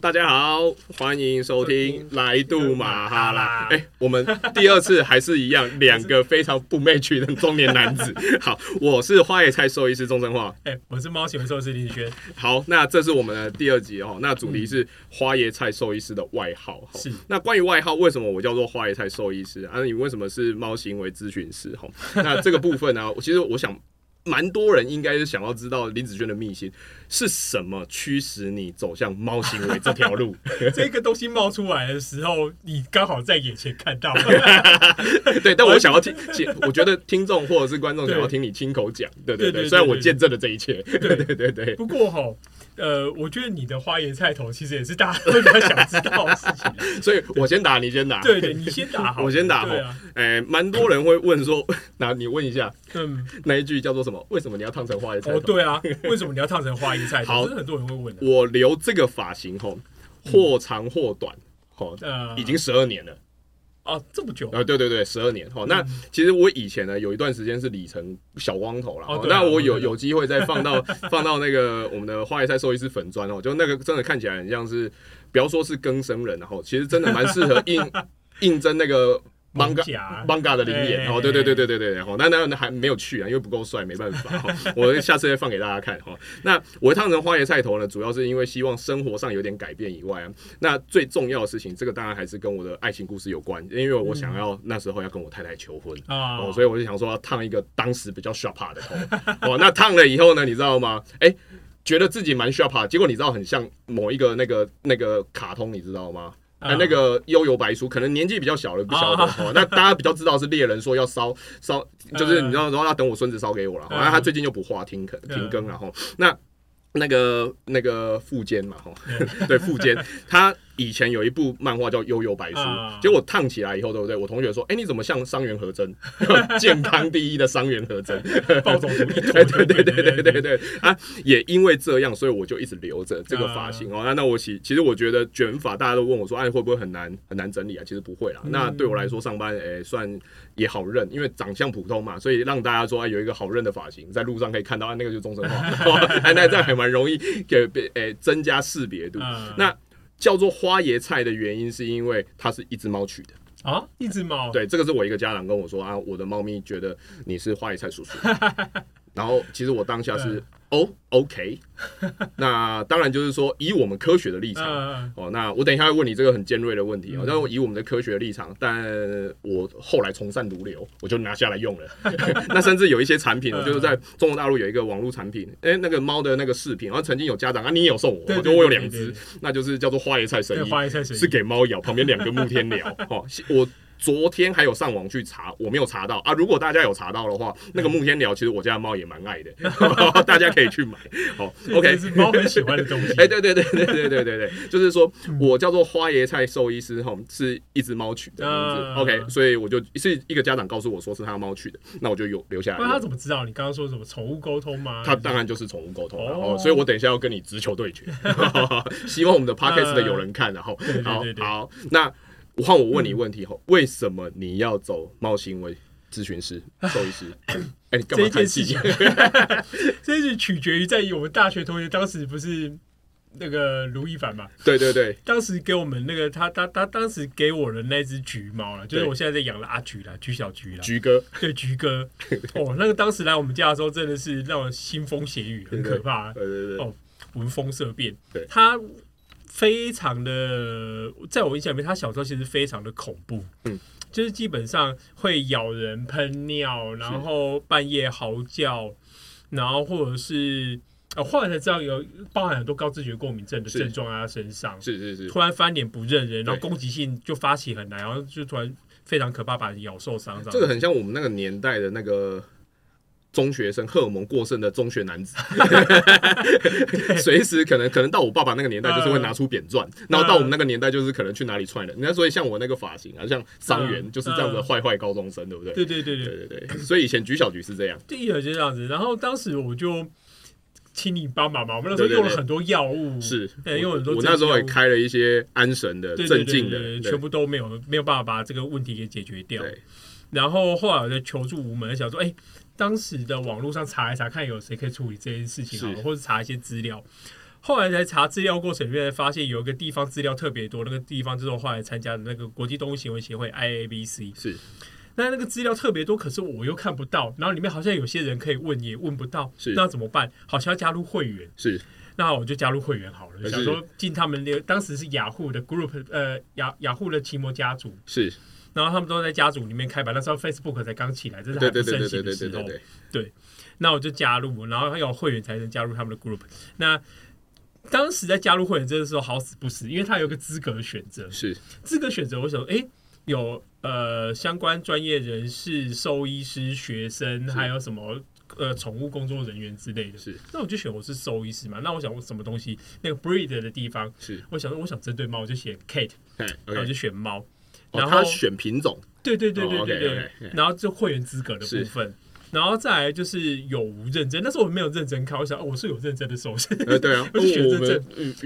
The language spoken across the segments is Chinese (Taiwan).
大家好，歡迎收聽《來度馬哈拉》啦，欸。我們第二次還是一樣，兩、 就是、個非常不媚趣的中年男子。好，我是花椰菜獸醫師鍾振華，哎、欸，我是貓行為獸醫師林軒。好，那這是我們的第二集哦。那主題是花椰菜獸醫師的外號。是、嗯，那關於外號，為什麼我叫做花椰菜獸醫師？啊，你為什麼是貓行為諮詢師？哈，那這個部分呢、啊，其實我想。蠻多人應該是想要知道林子軒的秘辛是什麼，驅使你走向貓行為這條路？ 這個東西冒出來的時候，你剛好在眼前看到了。 對，但我想要聽， 我覺得聽眾或者是觀眾想要聽你親口講，對，對對對，雖然我見證了這一切，對 對對對。不過哈。呃，我覺得你的花椰菜頭其實也是大家都比較想知道的事情， 所以我先打，對你先打，對對，你先打，好。 我，我先打，好。哎、啊，蠻、欸、多人會問說，那、 啊、你問一下，嗯，那一句叫做什麼？為什麼你要燙成花椰菜頭？哦，對啊，為什麼你要燙成花椰菜頭？ 好，很多人會問。我留這個髮型吼，或長或短，吼、嗯，已經十二年了。啊、哦，這麼久啊，對對對，十二年哦。那、嗯、其實我以前呢，有一段時間是理成小光頭啦。哦，那我有、嗯、有機會再放到、嗯、放到那個 我們的花椰菜獸醫師粉專哦，就那個真的看起來很像是，不要說是更生人，然後其實真的蠻適合印 應應徵那個。Manga，Manga 家的靈眼對哦，對對對對對對，然後那那那還沒有去啊，因為不夠帥，沒辦法，哦、我下次再放給大家看哈、 哦。那我燙成花椰菜頭呢，主要是因為希望生活上有點改變以外啊，那最重要的事情，這個當然還是跟我的愛情故事有關，因為我想要、嗯、那時候要跟我太太求婚哦，哦。所以我就想說要燙一個當時比較 sharp 的頭，哦， 哦，那燙了以後呢，你知道嗎？誒，覺得自己蠻 sharp 的，結果你知道很像某一個那個那個卡通，你知道嗎？那那個幽遊白書可能年紀比較小了，不曉得。那大家比較知道是獵人說要燒燒，就是你知道，然後要等我孫子燒給我了。然後他最近就不畫停更停更了哈。那那個那個富堅嘛哈，對富堅他。以前有一部漫畫叫《幽遊白書》，嗯、結果燙起來以後，對不對？我同學說：“哎、欸，你怎麼像桑原和真？ 健康第一的桑原和真，保重身體。” 對對對對對對 啊！也因為這樣，所以我就一直留着這個髮型哦。那、嗯嗯啊、那我其實其實我覺得捲髮，大家都問我說：“哎、啊，會不會很難很難整理啊？”其實不會啦。那對我來說，上班哎、欸、算也好認，因為長相普通嘛，所以讓大家說哎、啊，有一個好認的髮型，在路上可以看到啊那個就是中生浩、嗯嗯啊，那這樣還蠻容易給誒、欸、增加識別度。嗯嗯、那。叫做花椰菜的原因，是因為它是一只貓取的啊，一只貓。對，這個是我一個家長跟我說啊，我的貓咪覺得你是花椰菜叔叔。 然後其實我當下是哦 OK，那當然就是說以我們科學的立場哦，那我等一下要問你這個很尖銳的問題哦。但是以我們的科學的立場，但我後來從善如流，我就拿下來用了。那甚至有一些產品，就是在中國大陸有一個網絡產品，哎，那個貓的那個飾品，然後曾經有家長啊，你有送我，我覺得我有兩只，那就是叫做花椰菜神醫，是給貓咬旁邊兩個木天蓼哦，我。昨天還有上網去查，我沒有查到啊。如果大家有查到的話，那個木天蓼其實我家的貓也蠻愛的，大家可以去買。好，OK。是貓很喜歡的東西。哎，對對對對對對對對，就是說我叫做花椰菜獸醫師吼，是一隻貓取的名字。OK，所以我就是一個家長告訴我說是他的貓取的，那我就有留下來。那他怎麼知道你剛剛說什麼寵物溝通嗎？他當然就是寵物溝通哦，所以我等一下要跟你直球對決，希望我們的 podcast 的有人看，然後好好那。換我問你問題後，為什麼你要走貓行為諮詢師、獸醫師？哎，你幹嘛嘆氣？這件事取決於在於我們大學同學，當時不是那個盧一凡嘛？對對對，當時給我們那個他他他當時給我的那只橘貓了，就是我現在在養的阿橘了，橘小橘了，橘哥，對，橘哥。哦，那個當時來我們家的時候，真的是讓我腥風血雨，很可怕。對對對，哦，聞風色變。對，他。非常的，在我印象裡面，他小時候其實非常的恐怖，嗯，就是基本上會咬人、噴尿，然後半夜嚎叫，是然後或者是啊，哦，後來才知道有包含很多高知覺過敏症的症狀在他身上，是是，是是是，突然翻臉不認人，然後攻擊性就發起很難，對然後就突然非常可怕，把人咬受傷，這個很像我們那個年代的那個。中學生荷爾蒙過剩的中學男子，隨時可能可能到我爸爸那個年代就是會拿出扁鑽，然後到我們那個年代就是可能去哪裡踹人。你看，所以像我那個髮型啊，像桑原，就是這樣的壞壞高中生，對不對？對對對對對對。所以以前舉小舉是這樣，對，就這樣子。然後當時我就請你幫忙嘛，我們那時候用了很多藥物，是，哎，用很多。我那時候也開了一些安神的、鎮靜的，全部都沒有沒有辦法把這個問題給解決掉。然後後來我就求助無門，想說，哎。當時的網絡上查一查，看有誰可以處理這件事情好了，是或者查一些資料。後來在查資料過程裡面，發現有一個地方資料特別多，那個地方就是我後來參加的那個國際動物行為協會 （IABC） 是。那那個資料特別多，可是我又看不到。然後裡面好像有些人可以問，也問不到。是，那怎麼辦？好像要加入會員。是，那我就加入會員好了。是想說進他們那個，當時是雅虎的 group，呃雅雅虎的奇摩家族是。然後他們都在家族裡面開吧，那時候 Facebook 才剛起來，這是還不盛行的時候。對，那我就加入，然後有會員才能加入他們的 group。那當時在加入會員真的是好死不死，因為他有個資格選擇，是資格選擇。我想，哎，有呃相關專業人士、獸醫師、學生，還有什麼呃寵物工作人員之類的。是，那我就選我是獸醫師嘛。那我想什麼東西？那個 breed 的地方是，我想說，我想針對貓，我就寫 cat，然後就選貓。然後他選品種，對對對對對對，然後就會員資格的部分，然後再來就是有無認證，但是我沒有認證看，我想我是有認證的收生。呃對啊，我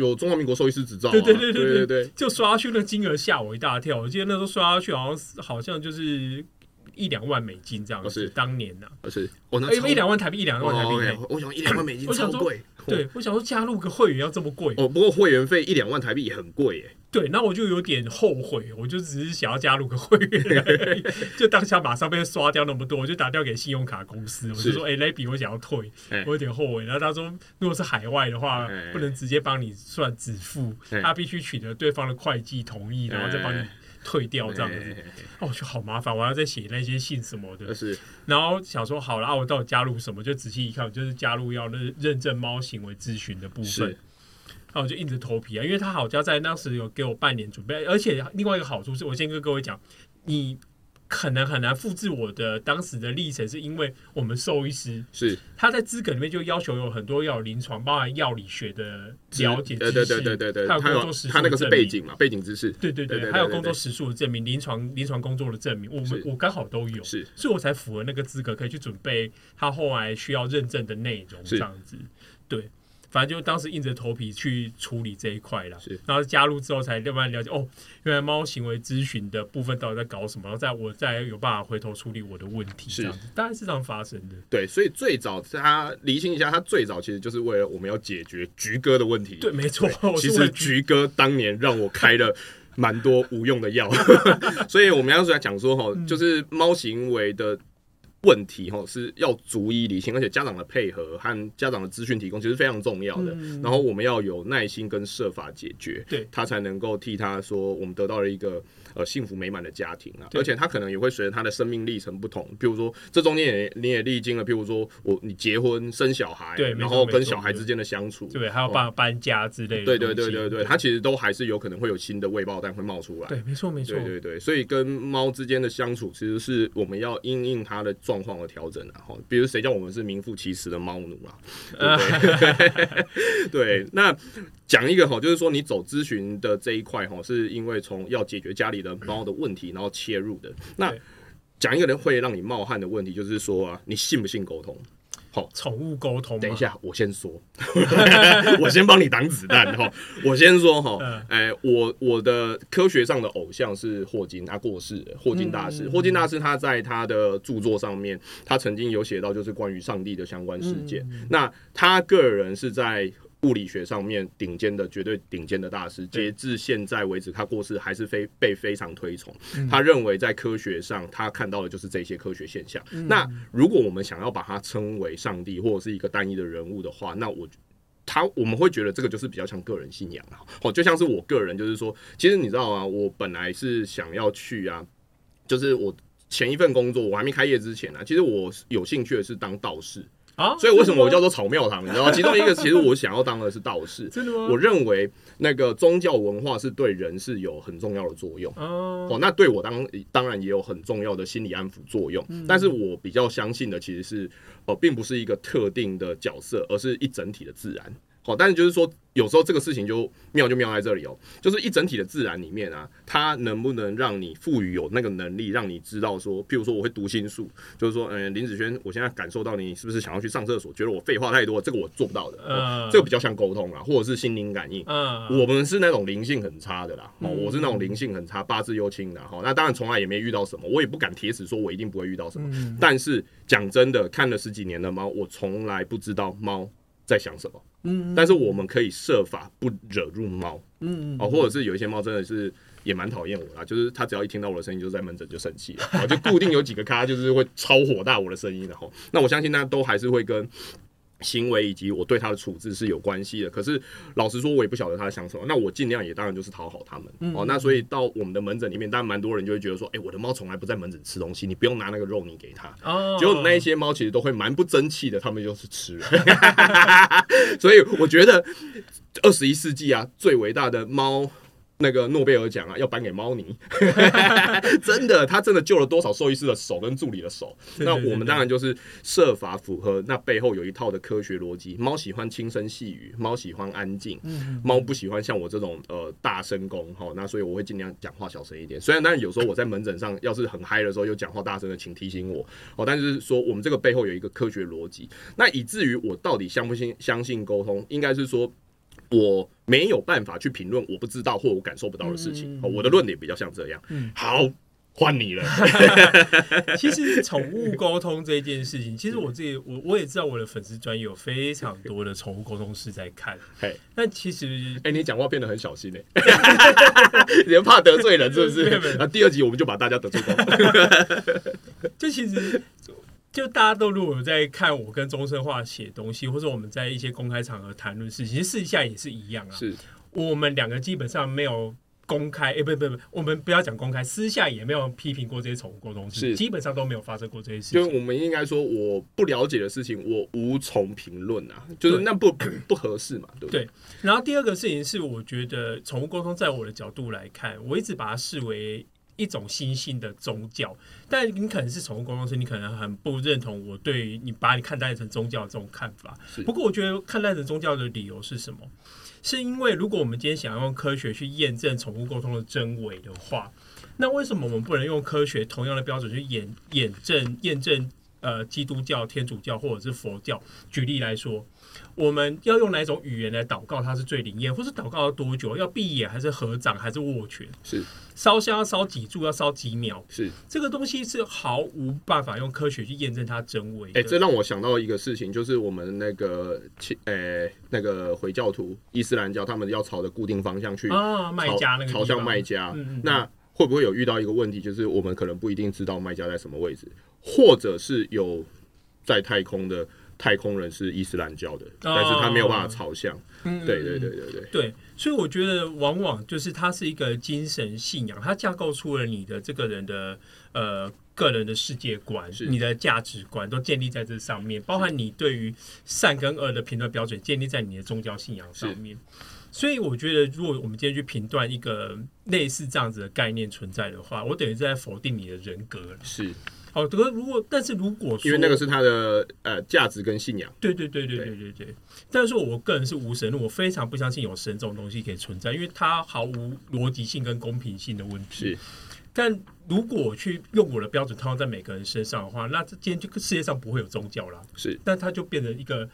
有中華民國獸醫師執照，對對對對對，就刷去那金額嚇我一大跳，我記得那時候刷去好像好像就是一兩萬美金這樣子，當年吶，是，一一兩萬台幣一兩萬台幣，我想一兩萬美金超貴，對，我想說加入個會員要這麼貴哦，不過會員費一兩萬台幣也很貴耶。對，那我就有點後悔，我就只是想要加入個會員而已， 就當下馬上被刷掉那麼多，我就打掉給信用卡公司，是我就說：“哎、欸，雷比，我想要退，欸、我有點後悔。”然後他說：“如果是海外的話，欸、不能直接幫你算止付，他、欸啊、必須取得對方的會計同意，欸、然後再幫你退掉這樣子。欸”哦，就好麻煩，我要再寫那些信什麼的。是，然後想說好了、啊，我到底加入什麼？就仔細一看，就是加入要認認證貓行為諮詢的部分。然後我就硬着頭皮啊，因為他好像在當時有給我半年準備，而且另外一個好處是，我先跟各位講，你可能很難複製我的當時的歷程，是因為我們獸醫師是他在資格裡面就要求有很多要臨床，包含藥理學的了解知識，對對對對對對，還有工作時數的證明。他那個是背景嘛，背景知識，對對對，還有工作時數的證明，臨床臨床工作的證明，我們是我剛好都有，是所以我才符合那個資格，可以去準備他後來需要認證的內容，這樣子，是對。反正就當時硬着頭皮去處理這一塊了，是。然後加入之後才慢慢了解哦，原來貓行為諮詢的部分到底在搞什麼，然後在我再有辦法回頭處理我的問題這樣子，是。當然，是這樣發生的。對，所以最早大家釐清一下，他最早其實就是為了我們要解決橘哥的問題。對，沒錯。其實橘哥當年讓我開了蠻多無用的藥， 所以我們是才講說哈，就是貓行為的。問題齁，是要逐一理清，而且家長的配合和家長的資訊提供其實非常重要的。嗯、然後我們要有耐心跟設法解決，對，他才能夠替他說，我們得到了一個。呃，幸福美滿的家庭啊，對而且他可能也會隨着他的生命歷程不同，譬如說這中間也你也歷經了，譬如說我你結婚生小孩，然後跟小孩之間的相處，對，還有搬搬家之類的，對對對對對，他其實都還是有可能會有新的未爆彈會冒出來，對，沒錯沒錯，對，對對，所以跟貓之間的相處，其實是我們要因應它的狀況而調整然、啊、哈、哦，比如誰叫我們是名副其實的貓奴啊，對，對， 對，那。講一個哈，就是說你走諮詢的這一塊哈，是因為從要解決家裡的貓的問題然後切入的。那講一個人會讓你冒汗的問題，就是說、啊、你信不信溝通？好，寵物溝通。等一下，我先說， 我先幫你擋子彈哈。我先說哈，哎，我我的科學上的偶像是霍金，他過世的，霍金大師。霍金大師他在他的著作上面，他曾經有寫到就是關於上帝的相關事件。那他個人是在。物理學上面頂尖的，絕對頂尖的大師，嗯、截至現在為止，他過世還是非被非常推崇。嗯、他認為在科學上，他看到的就是這些科學現象。嗯、那如果我們想要把他稱為上帝或者是一個單一的人物的話，那我他我們會覺得這個就是比較像個人信仰了，哦。就像是我個人就是說，其實你知道啊，我本來是想要去啊，就是我前一份工作我還沒開業之前啊，其實我有興趣的是當道士。所以為什麼我叫做草廟堂，你知道、啊、其中一個其實我想要當的是道士，真的，我認為那個宗教文化是對人是有很重要的作用哦。哦，那對我當當然也有很重要的心理安撫作用，但是我比較相信的其實是，呃，並不是一個特定的角色，而是一整體的自然。好，但是就是說，有時候這個事情就妙就妙在這裡哦，就是一整體的自然裡面啊，它能不能讓你賦予有那個能力，讓你知道說，譬如說我會讀心術，就是說，嗯，林子軒，我現在感受到你是不是想要去上廁所，覺得我廢話太多，這個我做不到的。哦，這個比較像溝通啦或者是心靈感應，我們是那種靈性很差的啦，哦，我是那種靈性很差、八字又輕的哈，哦，那當然從來也沒遇到什麼，我也不敢鐵齒說我一定不會遇到什麼，但是講真的，看了十幾年的貓，我從來不知道貓。在想什麼？嗯，嗯，但是我們可以設法不惹怒貓，嗯，嗯，嗯，哦、喔，或者是有一些貓真的是也蠻討厭我啦,就是他只要一聽到我的聲音，就在門診就生氣了、 喔，就固定有幾個咖，就是會超火大我的聲音，然後那我相信大家都還是會跟行為以及我對他的處置是有關係的，可是老實說，我也不曉得他想什麼。那我盡量也當然就是討好他們、嗯、哦。那所以到我們的門診裡面，當然蠻多人就會覺得說：“哎、欸，我的貓從來不在門診吃東西，你不用拿那個肉泥給他。”哦，結果那一些貓其實都會蠻不爭氣的，他們就是吃了。 所以我覺得二十一世紀啊，最偉大的貓。那個諾貝爾獎啊，要頒給貓尼。 真的，他真的救了多少獸醫師的手跟助理的手？ 那我們當然就是設法符合，那背後有一套的科學邏輯。貓喜歡輕聲細語，貓喜歡安靜，貓、嗯嗯、不喜歡像我這種呃大聲公。好、哦，那所以我會盡量講話小聲一點。雖然當然有時候我在門診上 要是很嗨的時候又講話大聲的，請提醒我哦。但是說我們這個背後有一個科學邏輯，那以至於我到底相不相信相信溝通，應該是說。我沒有辦法去評論我不知道或我感受不到的事情。嗯、我的論點比較像這樣。嗯、好，換你了。 其實是寵物溝通這件事情，其實我自己我我也知道我的粉絲專業有非常多的寵物溝通師在看。嘿但其實、就是，哎，欸、你講話變得很小心哎、欸，人 怕得罪人是不是？那 第二集我們就把大家得罪光。就 其實。就大家都如果在看我跟鍾生化寫東西，或者我們在一些公開場合談論事情，其實私下也是一樣啊。是，我們兩個基本上沒有公開，哎、欸，不不不，我們不要講公開，私下也沒有批評過這些寵物溝通是基本上都沒有發生過這些事情。就是我們應該說，我不了解的事情，我無從評論啊，就是那不對不合適嘛，對不對？對。然後第二個事情是，我覺得寵物溝通在我的角度來看，我一直把它視為。一種新興的宗教，但你可能是寵物溝通師，你可能很不認同我對於你把你看待成宗教的這種看法。不過，我覺得看待成宗教的理由是什麼？是因為如果我們今天想要用科學去驗證寵物溝通的真偽的話，那為什麼我們不能用科學同樣的標準去驗驗證、驗證？呃，基督教、天主教或者是佛教，舉例來說。我們要用哪種語言來禱告，它是最靈驗，或是禱告要多久？要閉眼，還是合掌，還是握拳？是燒香燒幾柱要幾，要燒幾秒？是這個東西是毫無辦法用科學去驗證它真偽。哎、欸，對這讓我想到一個事情，就是我們那個呃、欸、那個回教徒伊斯蘭教，他們要朝着固定方向去啊，麥加，那個朝向麥加。嗯嗯，那會不會有遇到一個問題，就是我們可能不一定知道麥加在什麼位置，或者是有在太空的？太空人是伊斯蘭教的，哦、但是他沒有辦法朝向。嗯、對對對對對。對，所以我覺得往往就是他是一個精神信仰，他架構出了你的這個人的呃個人的世界觀，是你的價值觀都建立在這上面，包含你對於善跟惡的評斷標準建立在你的宗教信仰上面。是所以我覺得，如果我們今天去評斷一個類似這樣子的概念存在的話，我等於是在否定你的人格。是。好，得，如果，但是如果說，因為那個是他的呃價值跟信仰。對對對對對對對。對但是，我個人是無神論，我非常不相信有神這種東西可以存在，因為它毫無邏輯性跟公平性的問題。是。但如果我去用我的標準套在每個人身上的話，那今天這個世界上不會有宗教了。是。但它就變成一個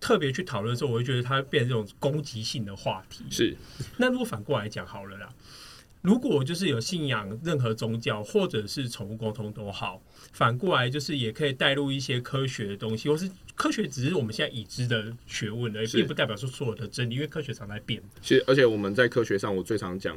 特別去討論的時候，我就覺得它變成一種攻擊性的話題。是。那如果反過來講好了啦，如果就是有信仰任何宗教或者是寵物溝通都好。反過來，就是也可以帶入一些科學的東西。或是科學，只是我們現在已知的學問而已，並不代表說所有的真理。因為科學常在變。是，而且我們在科學上，我最常講，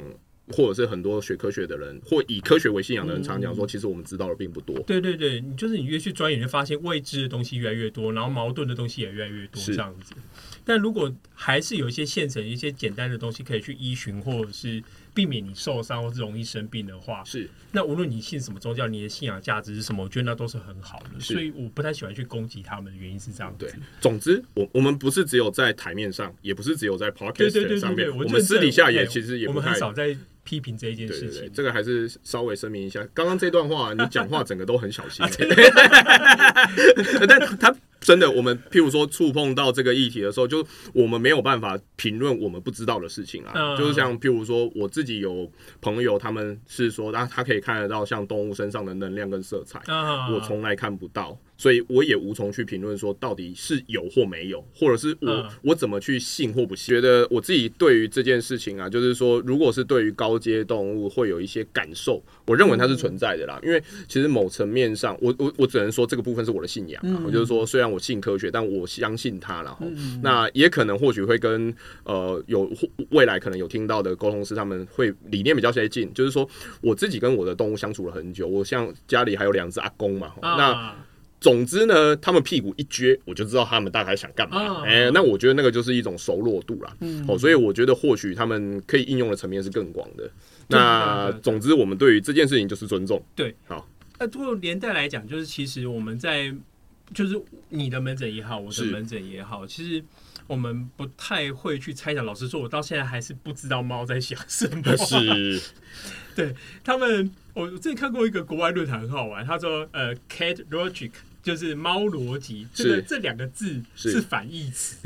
或者是很多學科學的人，或以科學為信仰的人，常講說，嗯、其實我們知道的並不多。對對對，你就是你越去鑽研，就發現未知的東西越來越多，然後矛盾的東西也越來越多，這樣子。是但如果還是有一些現成、一些簡單的東西可以去依循，或者是。避免你受傷或是容易生病的話，是那無論你信什麼宗教，你的信仰價值是什麼，我覺得那都是很好的。是所以我不太喜歡去攻擊他們的原因是這樣子。對，總之，我我們不是只有在台面上，也不是只有在 podcast 上面，我、這個、我們私底下也其實也我們很少在批評這一件事情，對對對。這個還是稍微聲明一下，剛剛這段話你講話整個都很小心、欸， 但他。 真的，我們譬如說觸碰到這個議題的時候，就我們沒有辦法評論我們不知道的事情啊。Uh huh. 就是像譬如說，我自己有朋友，他們是說，他他可以看得到像動物身上的能量跟色彩，uh huh. 我從來看不到。所以我也無從去評論說到底是有或沒有，或者是我、嗯、我怎麼去信或不信？覺得我自己對於這件事情啊，就是說，如果是對於高階動物會有一些感受，我認為它是存在的啦。嗯、因為其實某層面上，我我我只能說這個部分是我的信仰，我、嗯、就是說，雖然我信科學，但我相信它然後，那也可能或許會跟呃有未來可能有聽到的溝通師他們會理念比較接近，就是說我自己跟我的動物相處了很久，我像家裡還有兩隻阿公嘛，啊、那。總之呢，他們屁股一撅，我就知道他們大概想幹嘛。哎、哦欸，那我覺得那個就是一種熟絡度啦。嗯，好、哦，所以我覺得或許他們可以應用的層面是更廣的。嗯、那對對對對，總之，我們對於這件事情就是尊重。對，好。那如果連帶來講，就是其實我們在，就是你的門診也好，我的門診也好，是其實。我們不太會去猜想，老實說，我到現在還是不知道貓在想什麼。是， 對，他們，我之前看過一個國外論壇很好玩，他說，呃 Cat Logic。就是貓邏輯，是這個這兩個字是反義詞。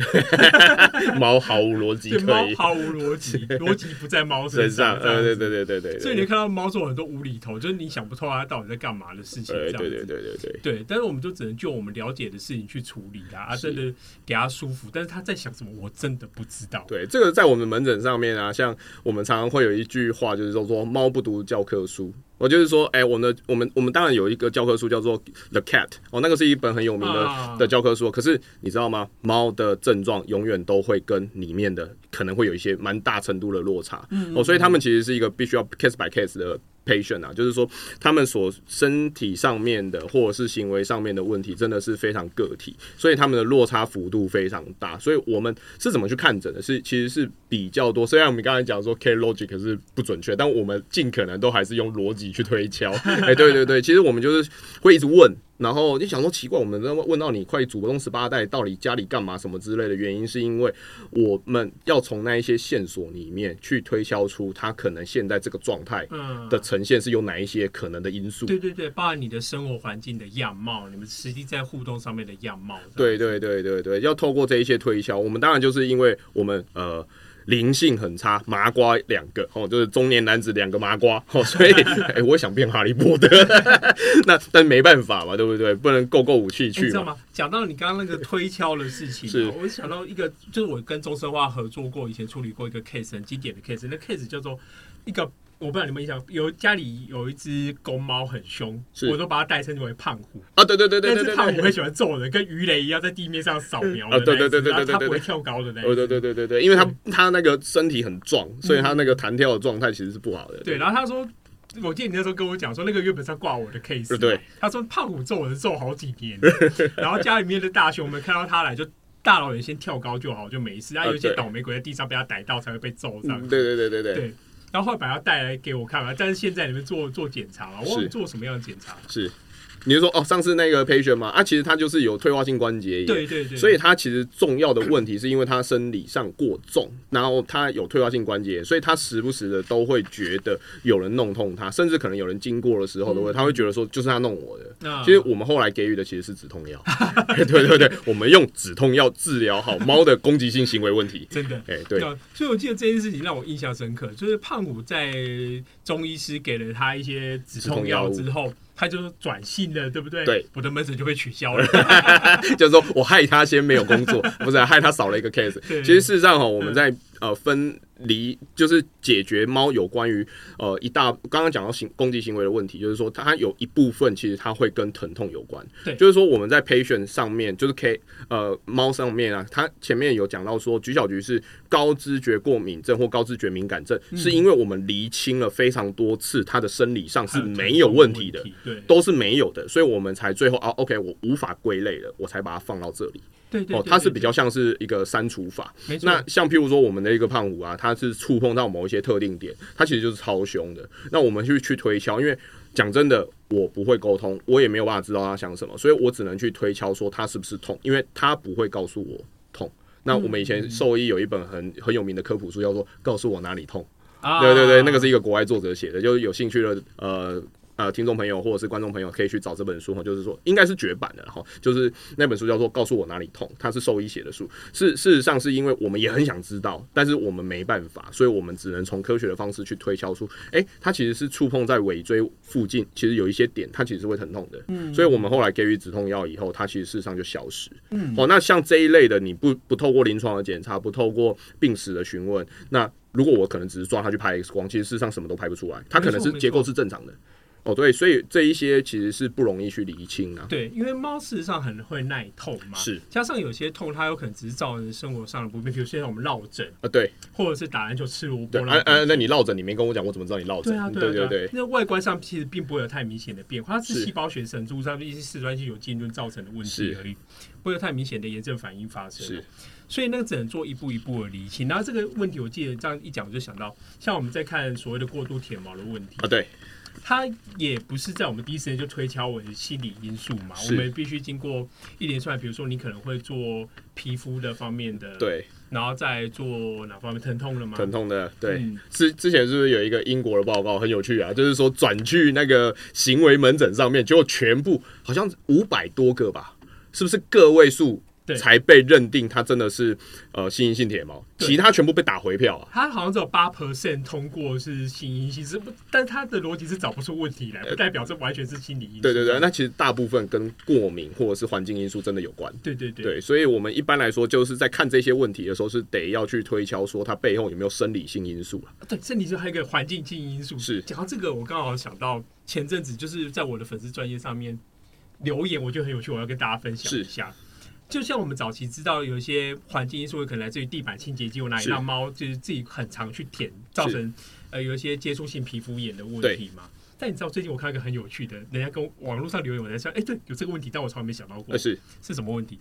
貓是 毫無邏輯可以，貓 毫無邏輯，邏輯是不在貓身上，身上，呃。對對對對對，對所以你看到貓做很多無厘頭，就是你想不透它到底在幹嘛的事情，對，對對對對對。對，但是我們都只能就我們了解的事情去處理啊，是啊，真的給他舒服。但是他在想什麼，我真的不知道。對，這個在我們門診上面啊，像我們常常會有一句話，就是說，說貓不讀教科書。我就是說，哎、欸，我們我們我們當然有一個教科書叫做《The Cat》，哦，那個是一本很有名的的教科書。可是你知道嗎？貓的症狀永遠都會跟裡面的可能會有一些蠻大程度的落差。哦，所以他們其實是一個必須要 case by case 的。patient 啊，就是說他們所身體上面的或者是行為上面的問題，真的是非常個體，所以他們的落差幅度非常大。所以我們是怎麼去看診的是？是其實是比較多。雖然我們剛才講說 K logic 是不準確，但我們儘可能都還是用邏輯去推敲。哎， 欸、對對對，其實我們就是會一直問。然後就想說奇怪，我們問到你快祖宗十八代到底家裡幹嘛什麼之類的，原因是因為我們要從那一些線索裡面去推敲出他可能現在這個狀態的呈現是有哪一些可能的因素。嗯、對對對，包括你的生活環境的樣貌，你們實際在互動上面的樣貌。是不是？對對對對對，要透過這一些推敲我們當然就是因為我們呃。靈性很差，麻瓜兩個哦，就是中年男子兩個麻瓜哦，所以哎、欸，我想變哈利波特， 那但沒辦法嘛，對不對？不能夠夠武器去，你知道嗎？講到你剛剛那個推敲的事情，啊， 是我想到一個，就是我跟中生化合作過，以前處理過一個 case，很經典的 case，那 case 叫做一個。我不知道你有沒有印象，有家裡有一只公貓很凶，我都把它代稱為胖虎啊，對對對對，但是胖虎很喜歡揍人，跟魚雷一樣在地面上掃描啊，對對對對，它不會跳高的那，對對對對對對，因為它它那個身體很壯，所以它那個彈跳的狀態其實是不好的。對，然後他說，我記得你那時候跟我講說，那個原本上掛我的 case，對，他說胖虎揍人揍好幾年，然後家裡面的大熊們看到他來就大老遠先跳高就好，就沒事。然後有一些倒霉鬼在地上被他逮到才會被揍這樣子。對對對對對。然後會把它帶來給我看了，但是現在你們做做檢查了，啊，我問你做什麼樣的檢查，啊是？是。你是說哦，上次那個 patient 嘛，啊，其實他就是有退化性關節炎，對對對，所以他其實重要的問題是因為他生理上過重，然後他有退化性關節炎，所以他時不時的都會覺得有人弄痛他，甚至可能有人經過的時候都會，嗯、他會覺得說就是他弄我的。啊、其實我們後來給予的其實是止痛藥、 欸，對對對，我們用止痛藥治療好貓的攻擊性行為問題，真的，哎、欸、對、嗯。所以我記得這件事情讓我印象深刻，就是胖虎在中醫師給了他一些止痛藥之後。他就是轉性的，對不對？對，我的門診就被取消了。 就是說我害他先沒有工作， 不是害他少了一個 case。對其實事實上哈，我們在呃分離，對就是解決貓有關於呃一大剛剛講到行攻擊行為的問題，就是說它有一部分其實它會跟疼痛有關。對就是說我們在 patient 上面，就是 K 呃貓上面啊，它前面有講到說，橘小橘是。高知覺過敏症或高知覺敏感症，是因為我們釐清了非常多次，他的生理上是沒有問題的，對，都是沒有的，所以我們才最後啊，OK，我無法歸類了，我才把它放到這裡。對哦，它是比較像是一個刪除法。那像譬如說我們的一個胖虎啊，他是觸碰到某一些特定點，他其實就是超凶的。那我們去去推敲，因為講真的，我不會溝通，我也沒有辦法知道他想什麼，所以我只能去推敲說他是不是痛，因為他不會告訴我。那我們以前獸醫有一本很很有名的科普書，叫做《告訴我哪裡痛》。對對對，那個是一個國外作者寫的，就是有興趣的呃。呃，聽眾朋友或者是觀眾朋友可以去找這本書哈，就是說應該是絕版的，然後就是那本書叫做《告訴我哪裡痛》，它是獸醫寫的書，是事實上是因為我們也很想知道，嗯、但是我們沒辦法，所以我們只能從科學的方式去推敲出，誒、欸，它其實是觸碰在尾椎附近，其實有一些點它其實是會疼痛的，嗯，所以我們後來給予止痛藥以後，它其實事實上就消失，嗯，哦，那像這一類的，你不不透過臨床的檢查，不透過病史的詢問，那如果我可能只是抓他去拍 X 光，其實事實上什麼都拍不出來，它可能是結構是正常的。哦，對，所以這一些其實是不容易去釐清啊。對，因為貓事實上很會耐痛嘛，是加上有些痛它有可能只是造成生活上的不便，比如現在我們落枕啊，對，或者是打籃球赤裸裸。啊啊，那你落枕你沒跟我講，我怎麼知道你落枕，啊？對、啊、對、啊對，啊、對。那外觀上其實並不會有太明顯的變化，是它是細胞學、組織一些四川性有浸潤造成的問題而已，是不會有太明顯的炎症反應發生。是所以那個只能做一步一步的釐清。然後這個問題我記得這樣一講，我就想到像我們在看所謂的過度舔毛的問題、啊對他也不是在我們第一時間就推敲我的心理因素嘛，是我們必須經過一連串，比如說你可能會做皮膚的方面的，對，然後再做哪方面疼痛的嗎？疼痛的，對，之、嗯、之前是不是有一個英國的報告很有趣啊？就是說轉去那個行為門診上面，結果全部好像五百多個吧，是不是個位數？對才被認定，它真的是呃，心因性鐵毛。對其他全部被打回票，啊。它好像只有八 percent 通過是心因性，是，但它的邏輯是找不出問題來，不代表這完全是心理因素，呃。對對對，那其實大部分跟過敏或者是環境因素真的有關。對對對，對。所以我們一般來說就是在看這些問題的時候，是得要去推敲，說它背後有沒有生理性因素對，生理性還有一個環境性因素。是，講到這個，我剛好想到前陣子就是在我的粉絲專頁上面留言，我覺得很有趣，我要跟大家分享一下。是就像我們早期知道有一些環境因素可能來自於地板清潔劑，我哪裡讓貓是就是自己很常去舔，造成是呃有一些接觸性皮膚炎的問題嘛。對但你知道最近我看到一個很有趣的，人家跟網絡上留言我在說，哎、欸，對，有這個問題，但我從來沒想到過，是是什麼問題？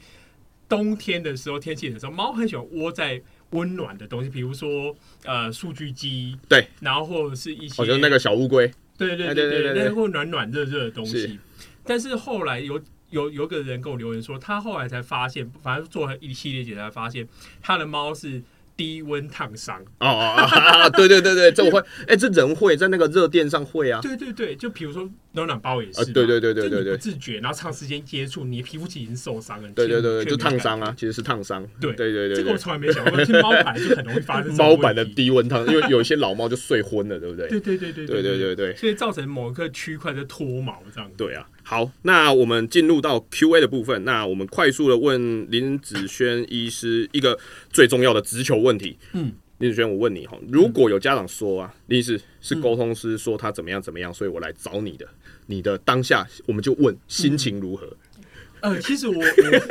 冬天的時候，天氣冷的時候，貓很喜歡窩在溫暖的東西，比如說呃數據機，對，然後或者是一些，好像那個小烏龜，對對對對對，那會、哎、暖暖熱熱的東西。是但是後來有。有有個人跟我留言說，他後來才發現，反正做了一系列檢查，發現他的貓是低溫燙傷。哦哦哦，對對對對，這我會，哎，這人會在那個熱電上會啊？對對對，就比如說。暖暖包也是，對對對對對對，不自覺，然後長時間接觸，你的皮膚就已經受傷了。對對對對，就燙傷啊，其實是燙傷。對對對對，這個我從來沒想過。貓板就可能會發生貓板的低溫燙，因為有一些老貓就睡昏了，對不對？對對對對對對對對、對、對、對、對。所以造成某一個區塊在脫毛這樣。對，對啊，好，那我們進入到 Q A 的部分，那我們快速的問林子軒醫師一個最重要的直球問題。嗯。林子軒，我問你哈，如果有家長說啊，林醫師、嗯、是溝通師，說他怎麼樣怎麼樣，嗯、所以我來找你的，你的當下我們就問心情如何。嗯、呃，其實我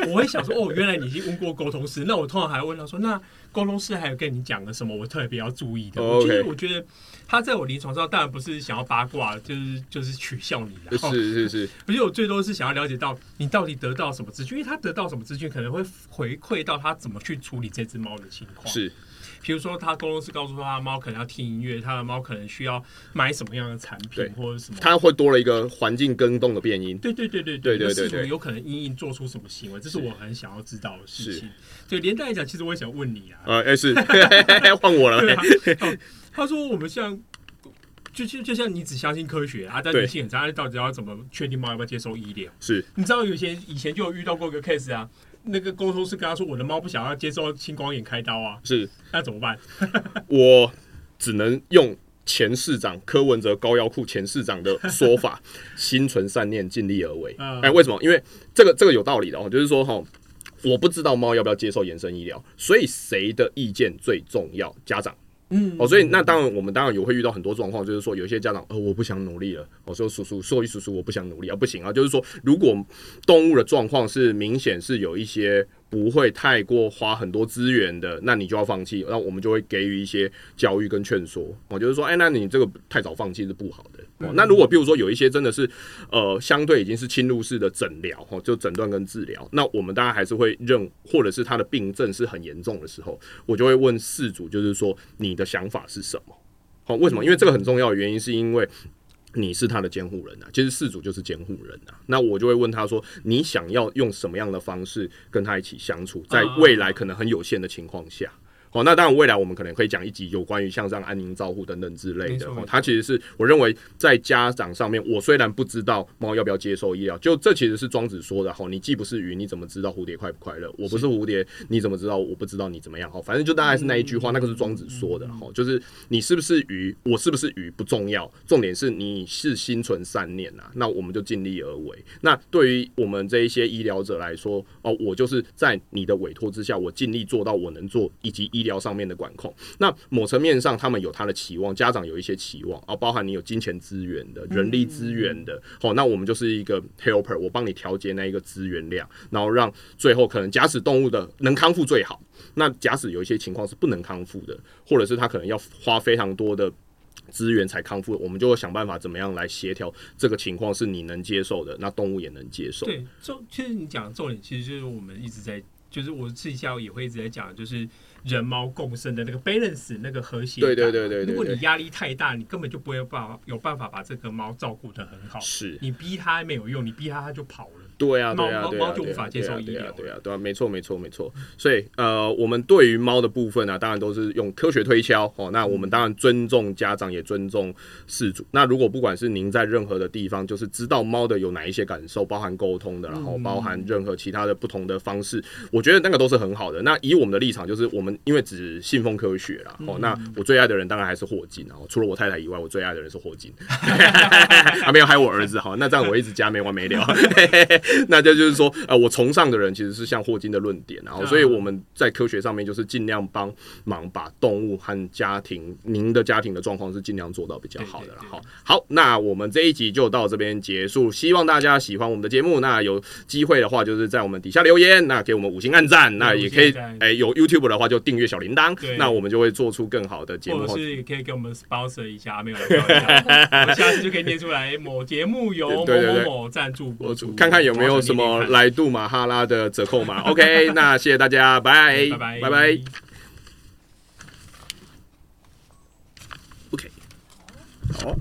我我會想說， 哦，原來你已經問過溝通師，那我通常還問他說，那溝通師還有跟你講了什麼？我特別要注意的。Oh, OK，其實我覺得他在我臨床上當然不是想要八卦，就是就是取笑你啦是。是是是，而且我最多是想要了解到你到底得到什麼資訊，因為他得到什麼資訊，可能會回饋到他怎麼去處理這隻貓的情況。是。比如說，他公司告訴他的貓可能要聽音樂，他的貓可能需要買什麼樣的產品，或者什麼，他會多了一個環境更動的變因。對對對對，對對對對對。有可能因應做出什麼行為，是這是我很想要知道的事情。就是連帶來講，其實我也想問你啊。呃，是換我了。他說：“我們像，就就就像你只相信科學啊，但人性很差，對他到底要怎麼確定貓要不要接受醫療？是你知道有些以前就有遇到過一個 case 啊。”那個溝通是跟他說：“我的貓不想要接受青光眼開刀啊。”是，那怎麼辦？ 我只能用前市長柯文哲高腰褲前市長的說法：“ 心存善念，盡力而為。嗯”哎、欸，為什麼？因為這個這個有道理的哦，就是說哈、哦，我不知道貓要不要接受延伸醫療，所以誰的意見最重要？家長。嗯，哦，所以那當然，我們當然也會遇到很多狀況，就是說，有些家長，呃，我不想努力了，我、哦、說叔叔，說一叔叔，我不想努力啊，不行啊，就是說，如果動物的狀況是明顯是有一些不會太過花很多資源的，那你就要放棄，那我們就會給予一些教育跟勸說，我就是說，哎、欸，那你這個太早放棄是不好的。哦、那如果比如說有一些真的是，呃，相對已經是侵入式的診療吼，就診斷跟治療，那我們大家還是會認，或者是他的病症是很嚴重的時候，我就會問飼主，就是說你的想法是什麼？好、哦，為什麼？因為這個很重要的原因是因為你是他的監護人啊，其實飼主就是監護人啊，那我就會問他說，你想要用什麼樣的方式跟他一起相處，在未來可能很有限的情況下。嗯好、哦，那當然，未來我們可能可以講一集有關於像這樣安寧照護等等之類的。沒、哦、它其實是我認為在家長上面，我雖然不知道貓要不要接受醫療，就這其實是莊子說的。好、哦，你既不是魚，你怎麼知道蝴蝶快不快樂？我不是蝴蝶，你怎麼知道？我不知道你怎麼樣。好、哦，反正就大概是那一句話，那個是莊子說的。好、哦，就是你是不是魚，我是不是魚不重要，重點是你是心存善念啊。那我們就盡力而為。那對於我們這一些醫療者來說，哦，我就是在你的委托之下，我盡力做到我能做，以及醫療上面的管控，那某層面上，他們有他的期望，家長有一些期望，啊，包含你有金錢資源的、人力資源的，好、嗯，那我們就是一個 helper，我幫你調節那一個資源量，然後讓最後可能假使動物的能康復最好。那假使有一些情況是不能康復的，或者是他可能要花非常多的資源才康復，我們就會想辦法怎麼樣來協調這個情況是你能接受的，那動物也能接受。對，就其實你講的重點其實就是我們一直在，就是我自己下午也會一直在講，就是。人貓共生的那個 balance，那個和諧。對對對對對,對。如果你壓力太大，你根本就不會有辦法，有辦法把這個貓照顧得很好。是。你逼它沒有用，你逼它它就跑了。G holders 對啊，對貓就無法接受對啊，對啊，對啊，沒錯，沒錯，啊嗯、沒錯。所以，呃，我們對於貓的部分啊，當然都是用科學推敲。哦，那我們當然尊重家長，也尊重事主。那如果不管是您在任何的地方，就是知道貓的有哪一些感受，包含溝通的，然後包含任何其他的不同的方式，嗯、我覺得那個都是很好的。那以我們的立場，就是我們因為只信奉科學啦哦，嗯、那我最愛的人當然還是霍金。然後除了我太太以外，我最愛的人是霍金，還 沒有害 我兒子。好，那這樣我一直加沒直加完沒了。 那這就，就是說，呃，我崇尚的人其實是像霍金的論點，然後，所以我們在科學上面就是儘量幫忙把動物和家庭，您的家庭的狀況是儘量做到比較好的了。好，好，那我們這一集就到這邊結束，希望大家喜歡我們的節目。那有機會的話，就是在我們底下留言，那給我們五星按讚，那也可以，哎、欸，有 YouTube 的話就訂閱小鈴鐺，對那我們就會做出更好的節目。或是可以給我們 sponsor 一下，沒有，我，下， 我下次就可以念出來某節目由某某某贊助博主，看看有。沒有什麼來度馬哈拉的折扣嗎？OK，那謝謝大家，拜拜拜拜。OK，好。